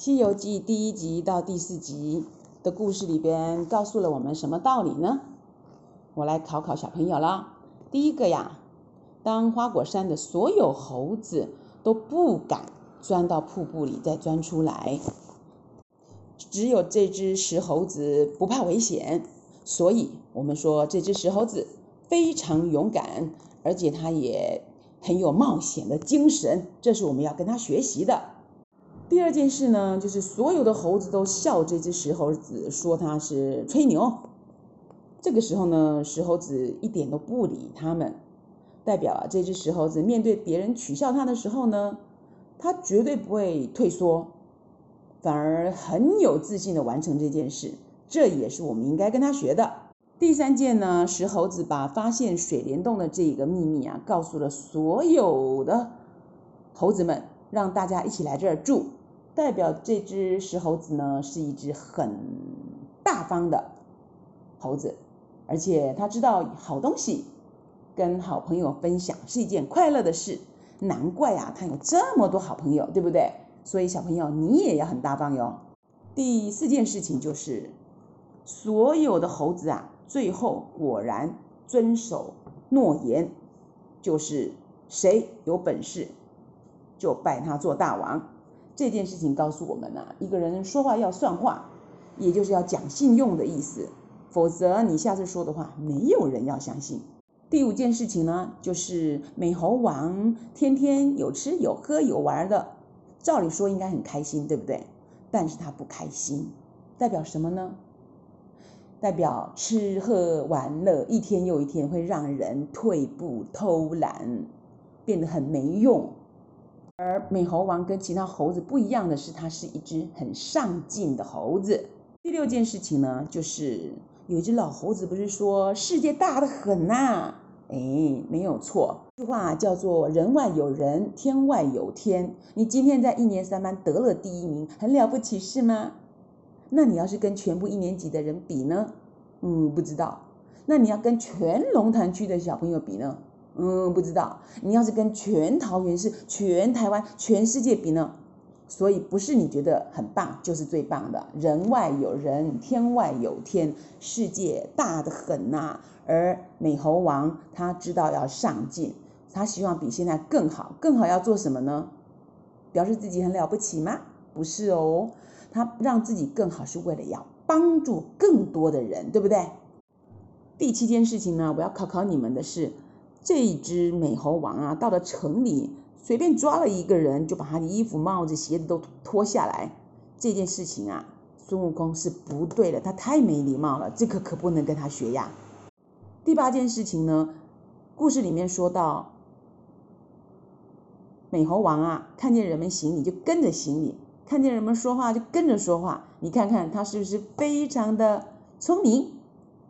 《西遊記》第一集到第四集的故事裡邊，告訴了我們什麼道理呢？我來考考小朋友了。第一個呀，當花果山的所有猴子都不敢鑽到瀑布裡再鑽出來，只有這隻石猴子不怕危險，所以我們說這隻石猴子非常勇敢，而且它也很有冒險的精神，這是我們要跟他學習的。第二件事呢，就是所有的猴子都笑這隻石猴子，說他是吹牛。這個時候呢，石猴子一點都不理他們，代表啊，這隻石猴子面對別人取笑他的時候呢，他絕對不會退縮，反而很有自信地完成這件事。這也是我們應該跟他學的。第三件呢，石猴子把發現水簾洞的這一個秘密啊，告訴了所有的猴子們，讓大家一起來這兒住。代表這隻石猴子呢，是一隻很大方的猴子，而且他知道好東西跟好朋友分享是一件快樂的事，難怪啊，他有這麼多好朋友，對不對？所以小朋友，你也要很大方喲。第四件事情就是，所有的猴子啊，最後果然遵守諾言，就是誰有本事就拜他做大王。這件事情告訴我們呢、啊，一個人說話要算話，也就是要講信用的意思，否則你下次說的話，沒有人要相信。第五件事情呢，就是美猴王天天有吃有喝有玩的，照理說應該很開心，對不對？但是他不開心，代表什麼呢？代表吃喝玩樂一天又一天，會讓人退步、偷懶，變得很沒用。而美猴王跟其他猴子不一樣的是，它是一隻很上進的猴子。第六件事情呢，就是有一隻老猴子不是說世界大得很吶、啊？哎，沒有錯，這句話叫做人外有人，天外有天。你今天在一年三班得了第一名，很了不起是嗎？那你要是跟全部一年級的人比呢？嗯，不知道。那你要跟全龍潭區的小朋友比呢？嗯，不知道。你要是跟全桃園市、全台灣、全世界比呢？所以不是你覺得很棒就是最棒的。人外有人，天外有天，世界大得很吶、啊。而美猴王他知道要上進，他希望比現在更好。更好要做什麼呢？表示自己很了不起嗎？不是哦，他讓自己更好是為了要幫助更多的人，對不對？第七件事情呢，我要考考你們的是，這一隻美猴王啊，到了城裡隨便抓了一個人，就把他的衣服、帽子、鞋子都脫下來。這件事情啊，孫悟空是不對的，他太沒禮貌了，這個可不能跟他學呀。第八件事情呢，故事裡面說到，美猴王啊，看見人們行禮就跟着行禮，看見人們說話就跟着說話，你看看他是不是非常的聰明？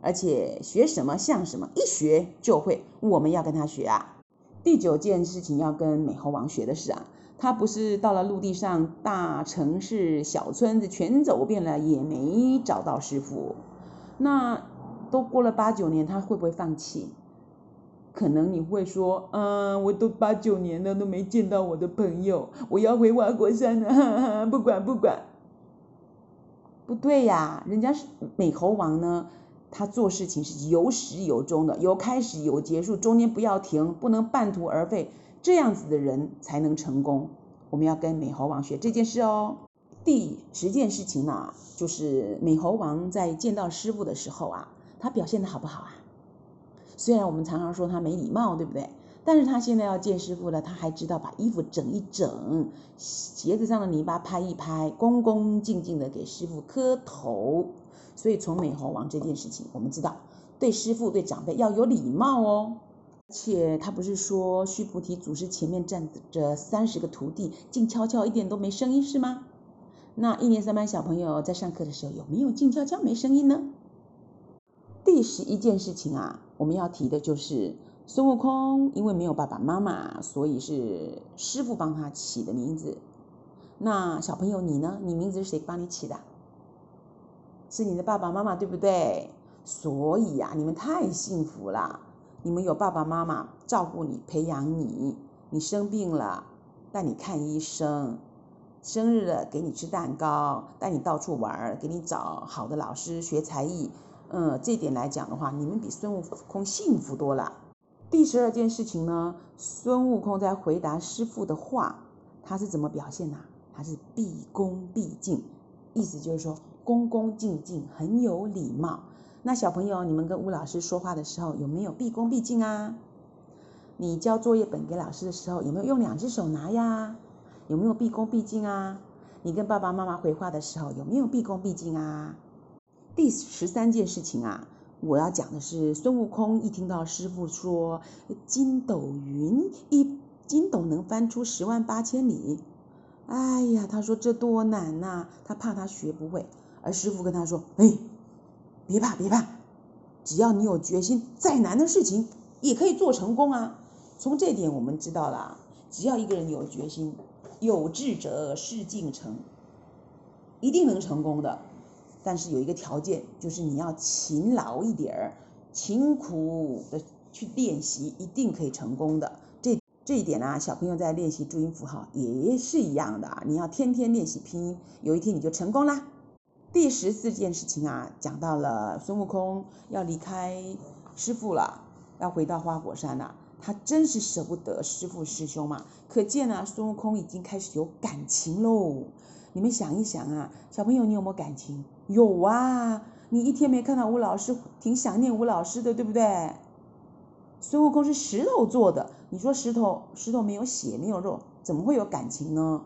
而且學什麼像什麼，一學就會。我們要跟他學啊。第九件事情要跟美猴王學的是啊，他不是到了陸地上大城市、小村子全走遍了也沒找到師父，那都過了八九年，他會不會放棄？可能你會說，嗯，我都八九年了，都沒見到我的朋友，我要回花果山啊！不管不管，不對呀，啊、人家是美猴王呢。他做事情是有始有終的，有開始有結束，中間不要停，不能半途而廢，這樣子的人才能成功。我們要跟美猴王學這件事哦。第十件事情呢、啊，就是美猴王在見到師傅的時候啊，他表現得好不好啊？雖然我們常常說他沒禮貌，對不對？但是他現在要見師傅了，他還知道把衣服整一整，鞋子上的泥巴拍一拍，恭恭敬敬地給師傅磕頭。所以從美猴王這件事情，我們知道對師傅、對長輩要有禮貌哦。而且他不是說須菩提祖師前面站着三十個徒弟，靜悄悄一點都沒聲音是嗎？那一年三班小朋友在上課的時候有沒有靜悄悄沒聲音呢？第十一件事情啊，我們要提的就是孫悟空，因為沒有爸爸媽媽，所以是師傅幫他起的名字。那小朋友你呢？你名字是誰幫你起的啊？是你的爸爸媽媽，對不對？所以呀、啊，你們太幸福了。你們有爸爸媽媽照顧你、培養你，你生病了帶你看醫生，生日了給你吃蛋糕，帶你到處玩兒，給你找好的老師學才藝。嗯，這點來講的話，你們比孫悟空幸福多了。第十二件事情呢，孫悟空在回答師傅的話，他是怎麼表現呢？他是畢恭畢敬，意思就是說恭恭敬敬，很有禮貌。那小朋友，你們跟吳老師說話的時候有沒有畢恭畢敬啊？你交作業本給老師的時候有沒有用兩隻手拿呀？有沒有畢恭畢敬啊？你跟爸爸媽媽回話的時候有沒有畢恭畢敬啊？第十三件事情啊，我要講的是孫悟空一聽到師傅說筋斗雲一筋斗能翻出十萬八千里，哎呀，他說這多難吶、啊，他怕他學不會。而師傅跟他說：“哎，別怕，別怕，只要你有決心，再難的事情也可以做成功啊！從這點我們知道了，只要一個人有決心，有志者事竟成，一定能成功的。但是有一個條件，就是你要勤勞一點兒，勤苦的去練習，一定可以成功的。這這一點呢、啊，小朋友在練習注音符號也是一樣的啊！你要天天練習拼音，有一天你就成功啦。”第十四件事情啊，講到了孫悟空要離開師傅了，要回到花果山了啊。他真是捨不得師傅師兄嘛，可見啊，孫悟空已經開始有感情嘍。你們想一想啊，小朋友你有沒有感情？有啊，你一天沒看到吳老師，挺想念吳老師的，對不對？孫悟空是石頭做的，你說石頭，石頭沒有血，沒有肉，怎麼會有感情呢？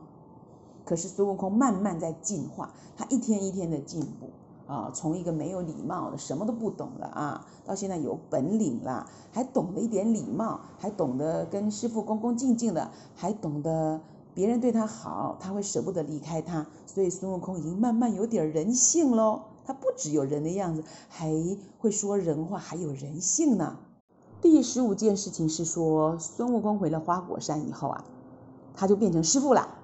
可是孫悟空慢慢在進化，他一天一天的進步啊，從一個沒有禮貌的、什麼都不懂的啊，到現在有本領了，還懂得一點禮貌，還懂得跟師傅恭恭敬敬的，還懂得別人對他好，他會舍不得離開他。所以孫悟空已經慢慢有點人性嘍，他不只有人的樣子，還會說人話，還有人性呢。第十五件事情是說，孫悟空回了花果山以後啊，他就變成師傅了。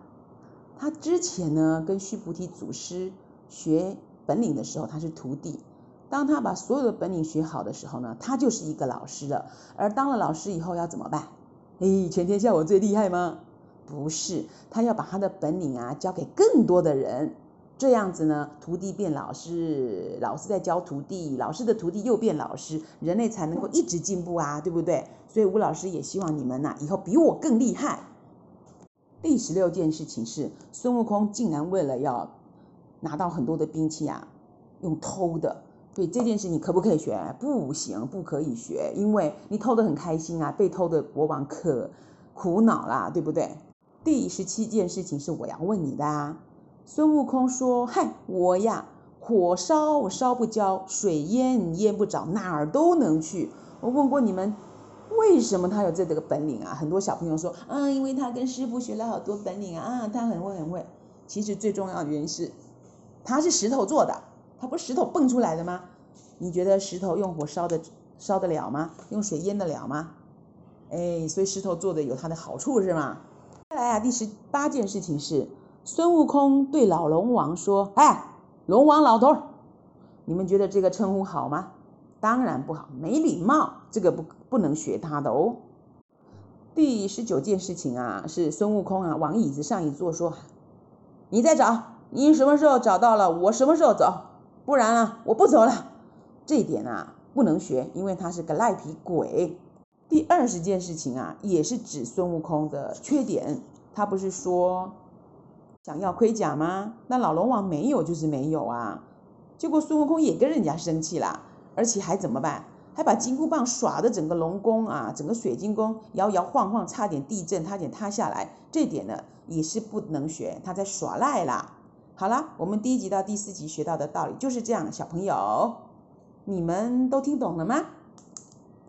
他之前呢，跟須菩提祖師學本領的時候，他是徒弟。當他把所有的本領學好的時候呢，他就是一個老師了。而當了老師以後要怎麼辦？哎，全天下我最厲害嗎？不是，他要把他的本領啊，教給更多的人。這樣子呢，徒弟變老師，老師在教徒弟，老師的徒弟又變老師，人類才能夠一直進步啊，對不對？所以吳老師也希望你們呢、啊，以後比我更厲害。第十六件事情是孫悟空竟然為了要拿到很多的兵器啊，用偷的，所以這件事你可不可以學？不行，不可以學，因為你偷的很開心啊，被偷的國王可苦惱啦，對不對？第十七件事情是我要問你的啊。孫悟空說：“嗨，我呀，火燒我燒不焦，水淹你淹不着，哪兒都能去。”我問過你們。為什麼他有這這個本領啊？很多小朋友說，嗯、啊，因為他跟師父學了好多本領啊，啊，他很會很會。其實最重要的原因是，他是石頭做的，他不是石頭蹦出來的嗎？你覺得石頭用火燒的燒得了嗎？用水淹得了嗎？哎，所以石頭做的有它的好處是嗎？再來啊，第十八件事情是，孫悟空對老龍王說，哎，龍王老頭，你們覺得這個稱呼好嗎？當然不好，沒禮貌。這個不不能學他的哦。第十九件事情啊，是孫悟空啊，往椅子上一坐，說：“你再找，你什麼時候找到了，我什麼時候走，不然啊，我不走了。”這一點啊，不能學，因為他是個賴皮鬼。第二十件事情啊，也是指孫悟空的缺點，他不是說想要盔甲嗎？那老龍王沒有就是沒有啊，結果孫悟空也跟人家生氣了，而且還怎麼辦？還把金箍棒耍的整個龍宮啊，整個水晶宮搖搖晃晃，差點地震，差點塌下來。這點呢，也是不能學，他在耍賴啦。好啦，我們第一集到第四集學到的道理就是這樣，小朋友，你們都聽懂了嗎？